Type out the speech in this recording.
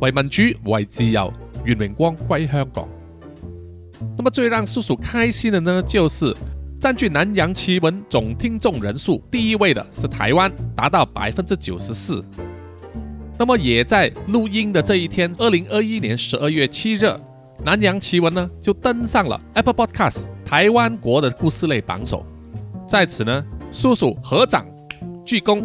為民主，為自由，願榮光歸香港。那麼最讓叔叔開心的呢，就是占據南洋奇聞總聽眾人數第一位的是台灣，達到百分之九十四。那麼也在錄音的這一天，二零二一年十二月七日，南洋奇聞呢就登上了 Apple Podcast 台灣國的故事類榜首。在此呢，叔叔合掌鞠躬。